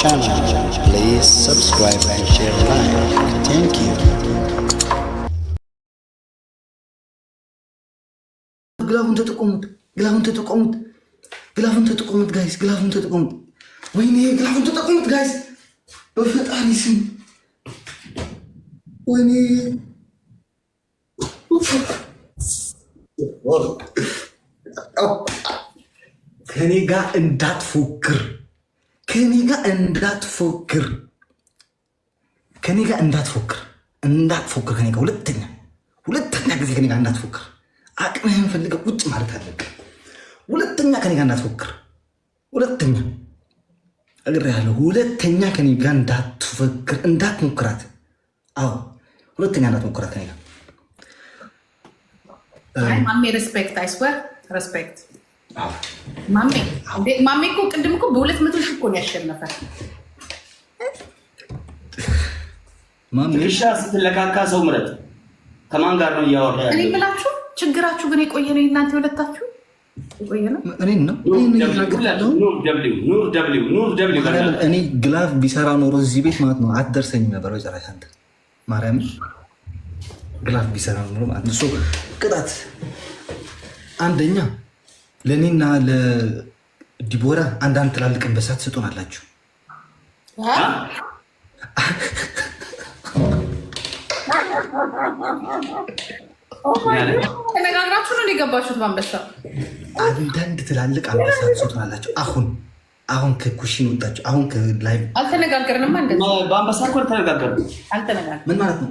channel. Please subscribe and share like. Thank you. ግላቡን ተጠቀሙት፣ ግላቡን ተጠቀሙት፣ ግላቡን ተጠቀሙት ጋይስ፣ ግላቡን ተጠቀሙት። ወይኔ ግላቡን ተጠቀሙት ጋይስ፣ በፈጣሪ ስም ወይኔ ከኔ ጋር እንዳትፎክር ከኔ ጋር እንዳትፎክር ከኔ ጋር እንዳትፎክር እንዳትፎክር ከኔ ጋር ሁለተኛ ሁለተኛ ጊዜ ከኔ ጋር እንዳትፎክር አቅምህን ፈልገህ ቁጭ ማለት አለብህ። ሁለተኛ ከኔ ጋር እንዳትፎክር ሁለተኛ እግር ያለ ሁለተኛ ከኔ ጋር እንዳትፎክር እንዳትሞክራት። አዎ ሁለተኛ እንዳትሞክራት ከኔ ጋር ሬስፔክት አይስወር ሬስፔክት ማሜ እኮ ቅድም እኮ በሁለት መቶ ሺህ እኮ ነው ያሸነፈ። ድርሻ ስትለካካ ሰው ምረጥ። ከማን ጋር ነው እያወራ ያለው? እኔ የምላችሁ ችግራችሁ ግን የቆየ ነው እናንተ የሁለታችሁ እኔ ግላፍ ቢሰራ ኖሮ እዚህ ቤት ማለት ነው አትደርሰኝም ነበር። አንተ ማርያም ግላፍ ቢሰራ ኖሮ ማለት ነው ቅጣት አንደኛ ለእኔና ለዲቦራ አንዳንድ ትላልቅ አንበሳ ትሰጡን ተነጋግራችሁ ነው የገባችሁት? በአንበሳ አንዳንድ ትላልቅ አንበሳ ትሰጡን አሁን አሁን ከኩሽን ወጣችሁ። አሁን ከላይ አልተነጋገርንም። በአንበሳ እኮ ተነጋገርን። ምን ማለት ነው?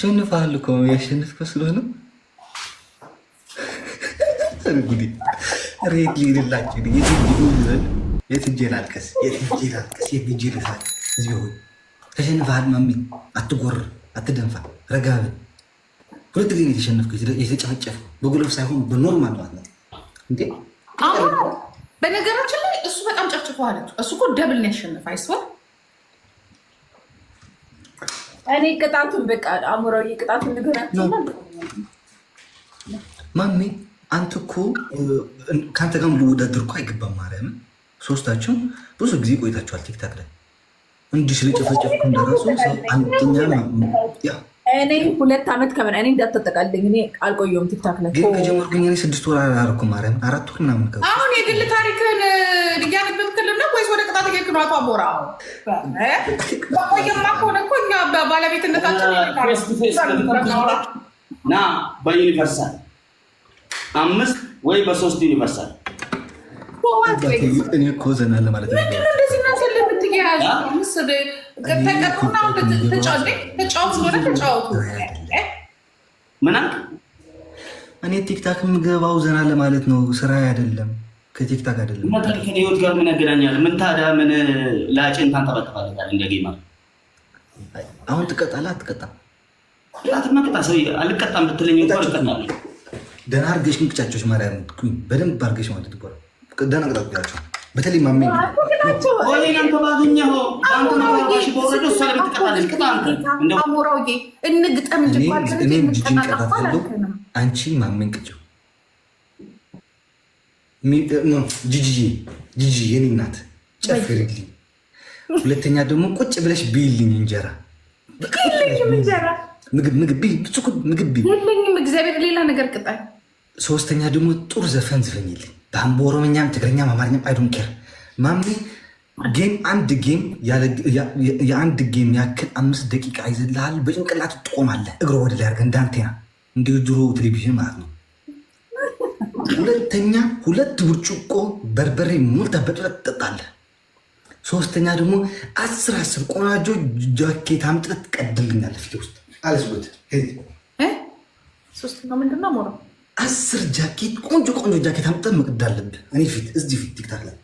ሸንፈሃል እኮ ያሸንፍከው ስለሆነ ጉዴ ሬድ የት የትጄ ላልቀስ የትጄ ላልቀስ የትጄ ልሳል ህዝቢ ሆይ ተሸንፈሃል ማሚ አትጎር አትደንፋ ረጋብን ሁለት ጊዜ የተሸነፍከው የተጨፈጨፈ በጉልፍ ሳይሆን በኖርማል ማለት ነው እንዴ አማራ በነገራችን ላይ እሱ በጣም ጨፍጭፈዋል እሱ እኮ ደብል ነው ያሸነፈ አይስወር እኔ ቅጣቱን በቃ አሞራው ቅጣቱን ንገራቸው። ማሚ አንተ እኮ ከአንተ ጋርም ልወዳደር እኮ አይገባም። ማርያም ሶስታችሁም ብዙ ጊዜ ቆይታችኋል ቲክታክ ላይ እንዲህ ስለጨፈጨፍኩ እንደራሱ አንደኛ እኔ ሁለት ዓመት ከምን እኔ እንዳታጠቃልኝ እኔ አልቆየሁም ቲክታክ ላይ ግን ከጀመርኩኝ እኔ ስድስት ወር አላደረኩም። ማርያም አራት ወር ምናምን አሁን የግል ታሪክን እያነበብክ ወይስ ወደ ቅጣት እየሄድክ ነው? አቶ አሞራ ቆየማ ከሆነ እኮ እኛ በባለቤትነታችን ና በዩኒቨርሳል አምስት ወይ በሶስት ዩኒቨርሳል እኔ እኮ ዘና ለማለት ነው። እንደዚህ ተጫወቱ እኔ ቲክታክ የምገባው ዘና ለማለት ነው፣ ስራ አይደለም። ከቲክታክ አይደለም እና ጋር ምን ያገናኛል? ምን ታዲያ ምን ላጭን ታንጠባጠባለታል? እንደ ጌማ አሁን ትቀጣለህ አትቀጣም? ቅጣትማ ቅጣ ሰው አልቀጣም ብትለኝ እንኳን እቀጣለሁ። ደህና አድርገሽ ግን ማርያም በደንብ አድርገሽ ማለት ትቆራ ደህና ቅጣቸው። በተለይ ማሜ አንቺ ማሜን ቅጭው ጂጂዬ የኔ እናት ጨፍርልኝ። ሁለተኛ ደግሞ ቁጭ ብለሽ ብይልኝ እንጀራ ምግብ ምግብ ምግብ የለኝም፣ እግዚአብሔር ሌላ ነገር ቅጣኝ። ሶስተኛ ደግሞ ጥሩ ዘፈን ዝፈኝልኝ በአምቦ ኦሮምኛም፣ ትግርኛም፣ አማርኛም አይዶን ኬር ማሜ ጌም አንድ ጌም የአንድ ጌም ያክል አምስት ደቂቃ ይዘልሃል። በጭንቅላት ትቆማለህ። እግሮ ወደ ላይ አድርገህ እንዳንቴና እንደ ድሮ ቴሌቪዥን ማለት ነው። ሁለተኛ ሁለት ብርጭቆ በርበሬ ሞልታ በጥረት ትጠጣለህ። ሶስተኛ ደግሞ አስር አስር ቆናጆ ጃኬት አምጥተህ ትቀድልኛለህ ፊት ውስጥ አለስጎት ሶስተኛ አስር ጃኬት ቆንጆ ቆንጆ ጃኬት አምጥተህ መቅድ አለብህ። እኔ ፊት እዚህ ፊት ቲክታክ ላይ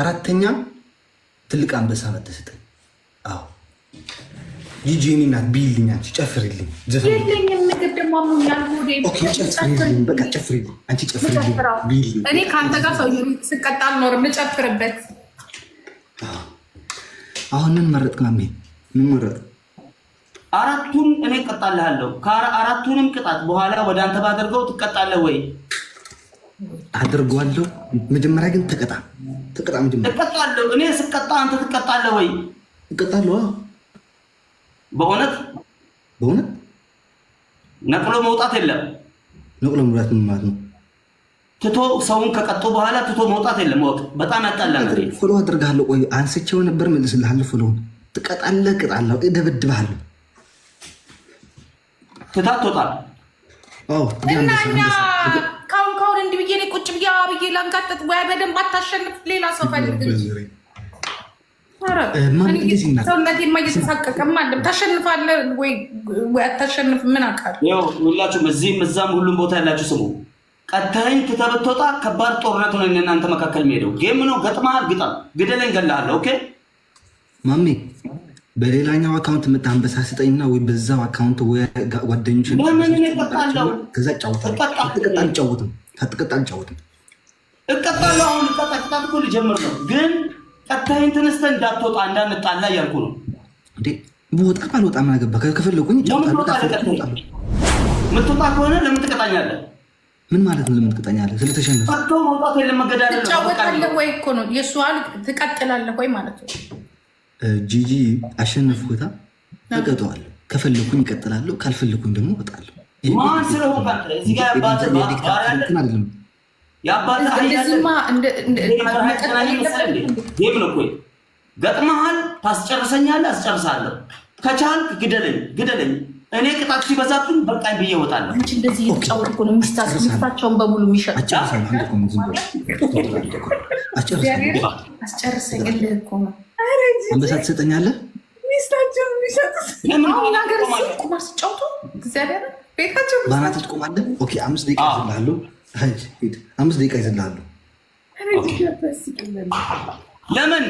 አራተኛ ትልቅ አንበሳ መተህ ስጠኝ። አዎ ጂጂ እኔ ናት ቢልኛች ጨፍርልኝ ዘፈ ያማሙኛል። እኔ ከአንተ ጋር ስቀጣ አሁን ምን ምን መረጥ? አራቱን እኔ እቀጣልሃለሁ። አራቱንም ቅጣት በኋላ ወደ አንተ ባደርገው ትቀጣለህ ወይ? አድርጓለሁ። መጀመሪያ ግን ተቀጣ ተቀጣ። መጀመሪያ እቀጣለሁ። እኔ ስቀጣ አንተ ትቀጣለህ ወይ? እቀጣለሁ። በእውነት በእውነት ነቅሎ መውጣት የለም። ነቅሎ መውጣት ምን ማለት ነው? ትቶ ሰውን ከቀጡ በኋላ ትቶ መውጣት የለም። ወቅ በጣም ያጣላ ነገር። ፎሎ አድርጋለሁ። ቆይ አንስቼው ነበር፣ መልስልሃለሁ። ፎሎውን ትቀጣለህ፣ እቀጣለሁ፣ እደበድብሃለሁ። ትታ ትወጣል። ካሁን ካሁን እንዲህ ብዬ ቁጭ ብዬ ብዬ ላንቀጥጥ ወይ በደንብ አታሸንፍ፣ ሌላ ሰው ፈልግ ሰውነቴማ እየተሳቀቀም አለም ታሸንፋለህ ወይ ሁላችሁም እዚህም እዛም ሁሉም ቦታ ያላችሁ ስሙ። ቀጥታይን ትተበትወጣ ከባድ ጦርነት ነው እናንተ መካከል የሚሄደው ጌም ነው። ገጥመሃል፣ ግጠም፣ ግደለኝ፣ ገላሃለሁ። ኦኬ ማሜ በሌላኛው አካውንት መጣ አንበሳ ስጠኝና ወይ በዛው አካውንት ጓደኞች ከዛ ጫወታ ልጀምር ነው ግን ቀጣይን ተነስተህ እንዳትወጣ እንዳንጣላ እያልኩ ነው። በወጣ ባልወጣ ምን አገባህ? ከፈለጉኝ ምትወጣ ከሆነ ለምን ትቀጣኛለህ? ምን ማለት ነው? ለምን ትቀጣኛለህ? ስለተሸነፈ መውጣት የለም መገዳደል ትጫወታለህ ወይ እኮ ነው የእሱ አል ትቀጥላለህ ወይ ማለት ነው። ጂጂ አሸነፍኩታ እቀጠዋለሁ። ከፈለኩኝ ይቀጥላለሁ፣ ካልፈለኩኝ ደግሞ እወጣለሁ። ማን ስለሆን እዚህ ጋር አይደለም። ያባላይም ነው እኮ ገጥመሃል፣ ታስጨርሰኛለህ፣ አስጨርሳለሁ። ከቻልክ ግደለኝ፣ ግደለኝ። እኔ ቅጣት ሲበዛብኝ በቃኝ ብዬ እወጣለሁ። አንቺ እንደዚህ እየተጫወትኩ ነው። ሚስታቸውን በሙሉ አንበሳ ትሰጠኛለህ። ሚስታቸውን የሚሸጥ አሁን ሀገር ቁማር አምስት ደቂቃ ላሉ አምስት ደቂቃ ይዘላሉ። ለምን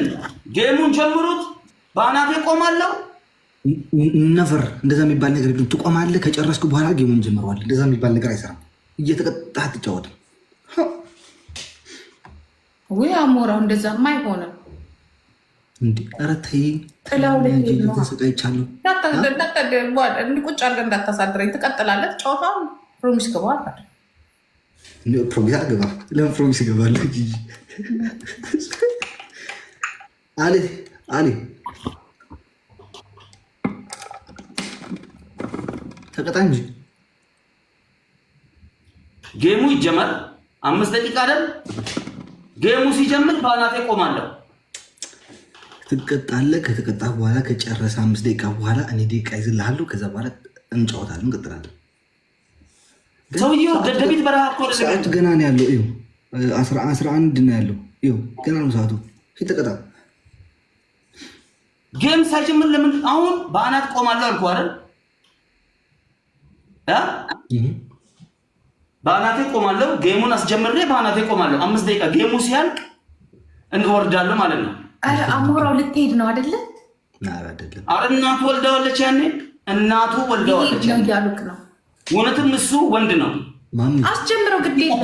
ጌሙን ጀምሩት። በአናቴ ቆማለሁ። ነፍር እንደዛ የሚባል ነገር ግን ትቆማለህ። ከጨረስኩ በኋላ ጌሙን ጀምረዋል። እንደዛ የሚባል ነገር አይሰራም። እየተቀጣ አትጫወትም። ወይ አሞራው እንደዛማ አይሆንም። እንዲ ኧረ ተይ ተሰቃይቻለሁ። ቁጭ አድርገህ እንዳታሳድረኝ። ትቀጥላለህ ጨዋታውን ፕሮሚስ ግባ ፕሮሚስ አገባ። ለምን ፕሮሚስ እገባለሁ? አሌ አሌ ተቀጣ እንጂ ጌሙ ይጀመር። አምስት ደቂቃ አይደል? ጌሙ ሲጀምር በአናቴ ቆማለሁ። ትቀጣለ። ከተቀጣ በኋላ ከጨረሰ አምስት ደቂቃ በኋላ እኔ ደቂቃ ይዝልሃለሁ። ከዛ በኋላ እንጫወታለን፣ እንቀጥላለን ሰውየው ደደቢት በረሃ ሰዓቱ ገና ነው ያለው። ይኸው አስራ አንድ ነው ያለው። ይኸው ገና ነው ሰዓቱ። ሲጠቀጣ ጌም ሳይጀምር ለምን አሁን በአናት ቆማለሁ አልኩ አይደል? በአናቴ ቆማለሁ። ጌሙን አስጀምሬ በአናቴ ቆማለሁ። አምስት ደቂቃ ጌሙ ሲያልቅ እንወርዳለሁ ማለት ነው። አረ አሞራው ልትሄድ ነው አይደለ? አረ እናቱ ወልዳዋለች። ያኔ እናቱ ወልዳዋለች ነው እውነትም እሱ ወንድ ነው። አስጀምረው ግዴታ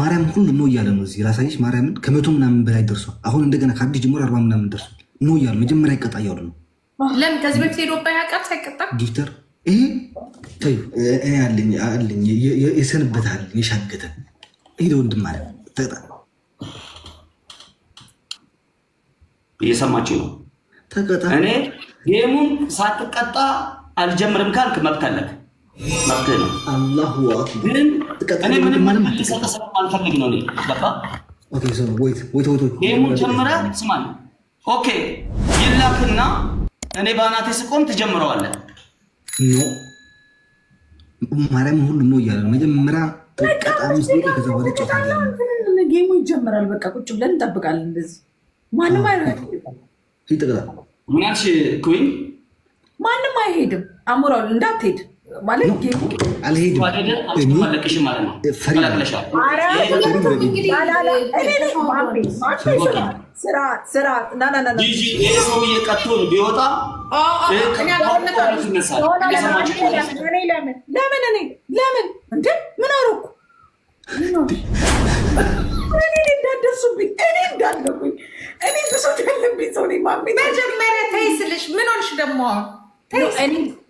ማርያም ሁሉ ነው እያለ ነው። እዚህ ላሳየሽ ማርያምን ከመቶ ምናምን በላይ ደርሷል። አሁን እንደገና ከአዲስ ጀምሮ አርባ ምናምን ደርሷል ነው እያለ መጀመሪያ ይቀጣ እያሉ ነው። ለምን ከዚህ በፊት ሄዶባ ያቃት ሳይቀጣ ዶክተር ይሄ እኔ አለኝ አለኝ የሰንበት አለኝ የሻገተ ሄደ ወንድም አለ ተጣ እየሰማችኝ ነው። ተቀጣ እኔ ጌሙን ሳትቀጣ አልጀምርም ካልክ መብት አለክ፣ መብት ነው። ግን አልፈልግ ነው። ገባ ጀምረ ስማ። ኦኬ ይላክና እኔ በአናቴ ስቆም ትጀምረዋለህ። ማርያም ሁሉ ነው እያለ መጀመሪያ በጣም ጌሙ ይጀምራል። በቃ ቁጭ ብለን እንጠብቃለን። እንደዚህ ማንም አይረ ይጥቅላል ምናልሽ ኩኝ ማንም አይሄድም። አሞራው እንዳትሄድ ማለት አልሄድም ለምን እንደ ምን አደረኩ? እኔ እንዳደርሱብኝ እኔ እንዳለብኝ እኔ ብሶት ያለብኝ ሰው ነኝ። ማሜ መጀመሪያ ተይስልሽ ምን ሆንሽ ደግሞ አሁን Thanks. No, and